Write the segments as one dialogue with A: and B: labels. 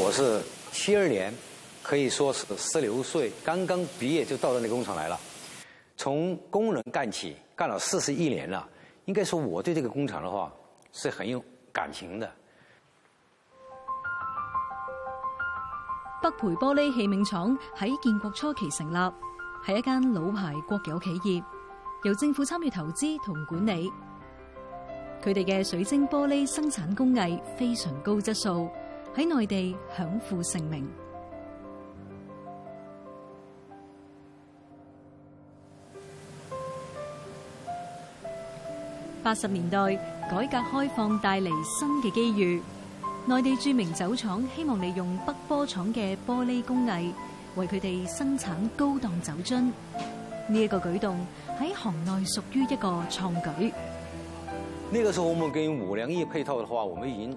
A: 我是七二年，可以說是十六歲，剛剛畢業就到那個工廠來了，從工人幹起，幹了四十一年了。應該說，我對這個工廠的話是很有感情的。
B: 北培玻璃器皿廠喺建國初期成立，係一間老牌國有企業，由政府參與投資同管理。佢哋嘅水晶玻璃生產工藝非常高質素。喺內地享負盛名。八十年代改革開放帶嚟新嘅機遇，內地著名酒廠希望利用北玻廠嘅玻璃工藝，為佢哋生產高檔酒樽。呢一個舉動喺行內屬於一個創舉。
A: 那個時候我們跟五糧液配套的話，我們已經。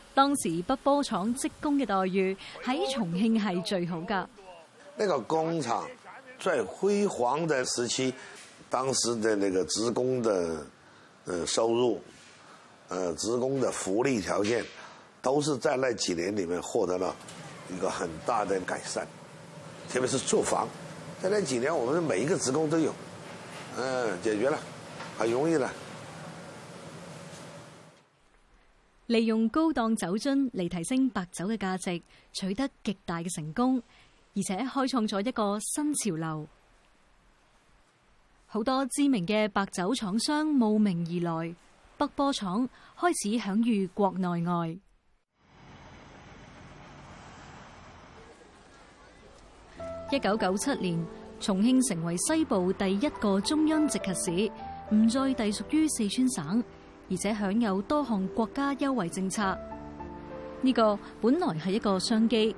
B: 當時北玻廠職工嘅待遇喺重慶係最好噶。
C: 那個工廠最輝煌的時期，當時的那個職工的，呃收入，呃職工的福利條件，都是在那幾年裡面獲得了一個很大的改善。特別是住房，在那幾年我們每一個職工都有，嗯、呃、解決了，很容易了。
B: 利用高檔酒樽嚟提升白酒嘅價值，取得極大嘅成功，而且開創咗一個新潮流。好多知名嘅白酒廠商慕名而來，北玻廠開始享譽國內外。一九九七年，重慶成為西部第一個中央直轄市，唔再隸屬於四川省。而且享有多項國家優惠政策，呢、這個本來係一個商機。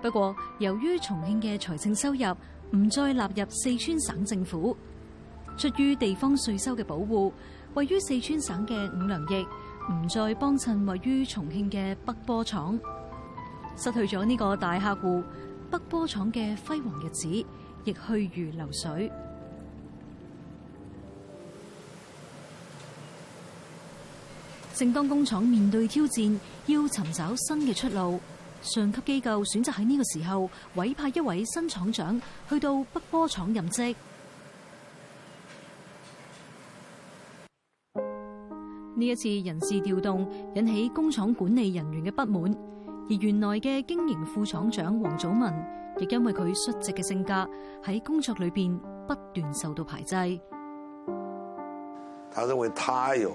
B: 不過由於重慶嘅財政收入唔再納入四川省政府，出於地方稅收嘅保護，位於四川省嘅五糧液唔再幫襯位於重慶嘅北玻廠，失去咗呢個大客戶，北玻廠嘅輝煌日子亦去如流水。正當工廠面對挑戰，要尋找新嘅出路，上級機構選擇喺呢個時候委派一位新廠長去到北玻廠任職。呢 一次人事調動引起工廠管理人員嘅不滿，而原來嘅經營副廠長王祖民亦因為佢率直嘅性格喺工作裏邊不斷受到排擠。
C: 他認為他有。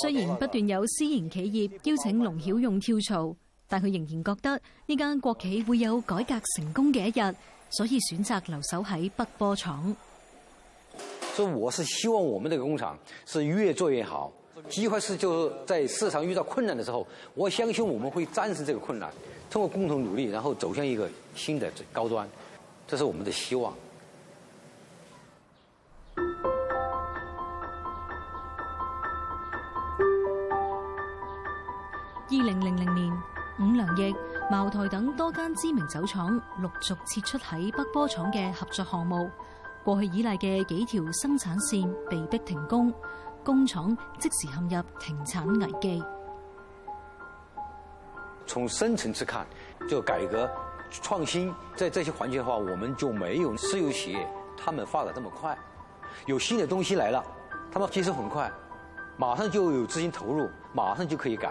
B: 雖然不斷有私營企業邀請隆曉勇跳槽，但佢仍然覺得呢間國企會有改革成功嘅一日，所以選擇留守喺北玻廠。
A: 所以我是希望我們這個工廠是越做越好。機會是就是在市場遇到困難的時候，我相信我們會戰勝這個困難，通過共同努力，然後走向一個新的高端，這是我們的希望。
B: 茅台等多間知名酒廠陸續撤出喺北玻廠嘅合作項目，過去依賴嘅幾條生產線被迫停工，工廠即時陷入停產危機。
A: 從深層次看，就改革創新，在這些環節的話，我們就沒有私有企業，他們發展這麼快，有新嘅東西來了，他們接受很快，馬上就有資金投入，馬上就可以改。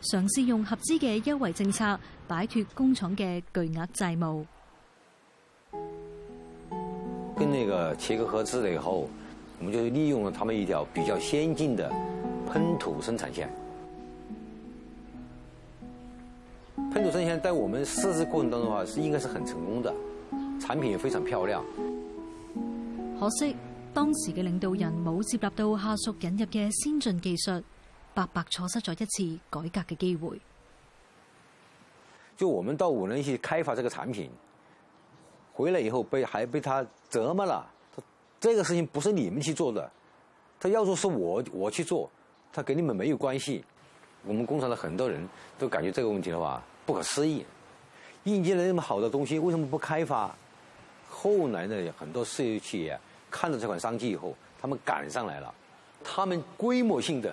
B: 嘗試用合資嘅優惠政策擺脫工廠嘅巨額債務。
A: 跟呢個切割合資了以後，我們就利用了他們一條比較先進的噴土生產線。噴土生產線在我們設置過程當中啊，是應該是很成功的，產品也非常漂亮。
B: 可惜當時嘅領導人冇接納到下屬引入嘅先進技術。白白錯失咗一次改革嘅機會。
A: 就我們到五年去開發這個產品，回來以後被還被他折磨了，他這個事情不是你們去做的，他要做是我我去做，他跟你們沒有關係。 我們工廠的很多人都感覺這個問題的話不可思議，引進了那麼好的東西，為什麼不開發？後來呢，很多事業企業看到這款商機以後，他們趕上來了，他們規模性的。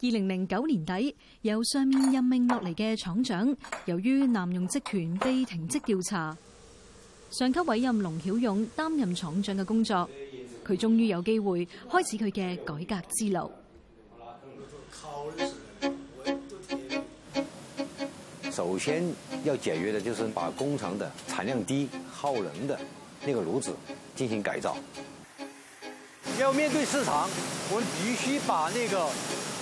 B: 二零零九年底，由上面任命落嚟嘅廠長，由於濫用職權被停職調查，上級委任隆曉勇擔任廠長嘅工作，佢終於有機會開始佢嘅改革之路。
A: 首先要解決的，就是把工廠的產量低、耗能的那個爐子進行改造。要面對市場，我必須把那個。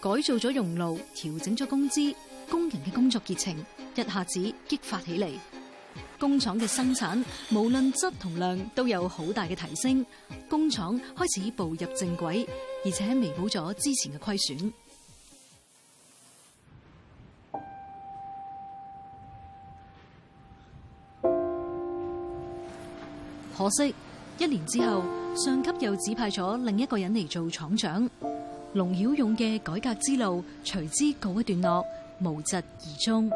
B: 改造咗熔爐，調整咗工資，工人嘅工作熱情一下子激發起嚟，工廠嘅生產無論質同量都有好大嘅提升，工廠開始步入正軌，而且彌補咗之前嘅虧損。 可惜一年之後，上級又指派咗另一個人嚟做廠長。隆曉勇嘅改革之路隨之告一段落，無疾而終。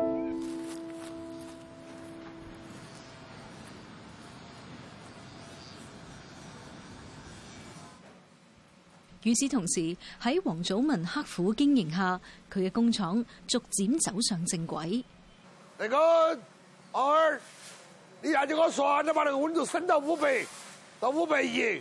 B: 與 此同時，喺王祖民刻苦經營下，佢嘅工廠逐漸走上正軌。
C: 大哥，你你你二，你你住我，你啦，把個溫度升到五百到五百一。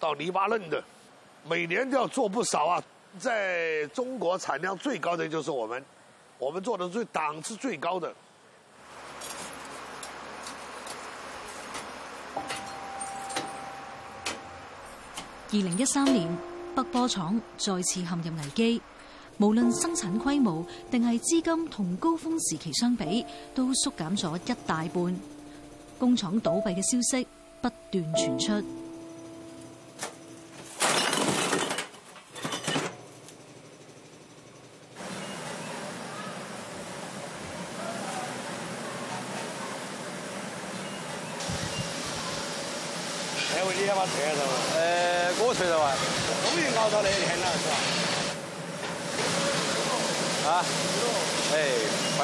C: 到黎巴嫩的，每年都要做不少啊。在中國產量最高的就是我們，我們做的最檔次最高的。
B: 二零一三年，北玻廠再次陷入危機，無論生產規模定係資金，同高峰時期相比都縮減咗一大半。工廠倒閉嘅消息不斷傳出。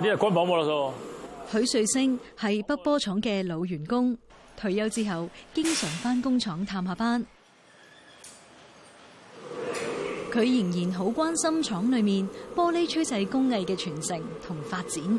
D: 啲軍冇
B: 許瑞星係北玻廠嘅老員工，退休之後經常返工廠探下班。佢仍然好關心廠裏面玻璃吹製工藝嘅傳承同發展。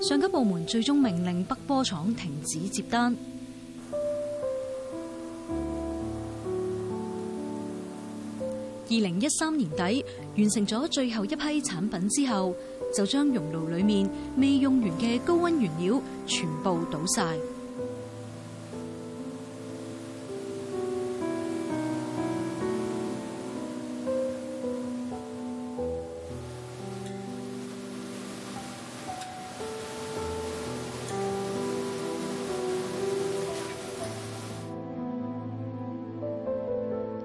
B: 上級部門最終命令北玻廠停止接單。二零一三年底完成咗最後一批產品之後，就將熔爐裏面未用完嘅高溫原料全部倒晒。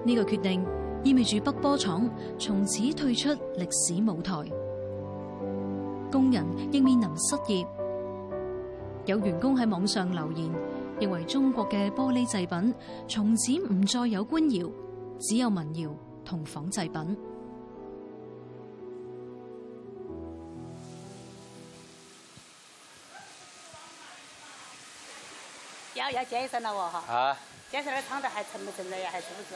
B: 呢個決定意味住北玻廠從此退出歷史舞台，工人亦面臨失業。有員工喺網上留言，認為中國嘅玻璃製品從此唔再有官窑，只有民窑同仿製品。
D: 要要減少啦，我哈，減少啲廠度還存唔存在呀？還住唔住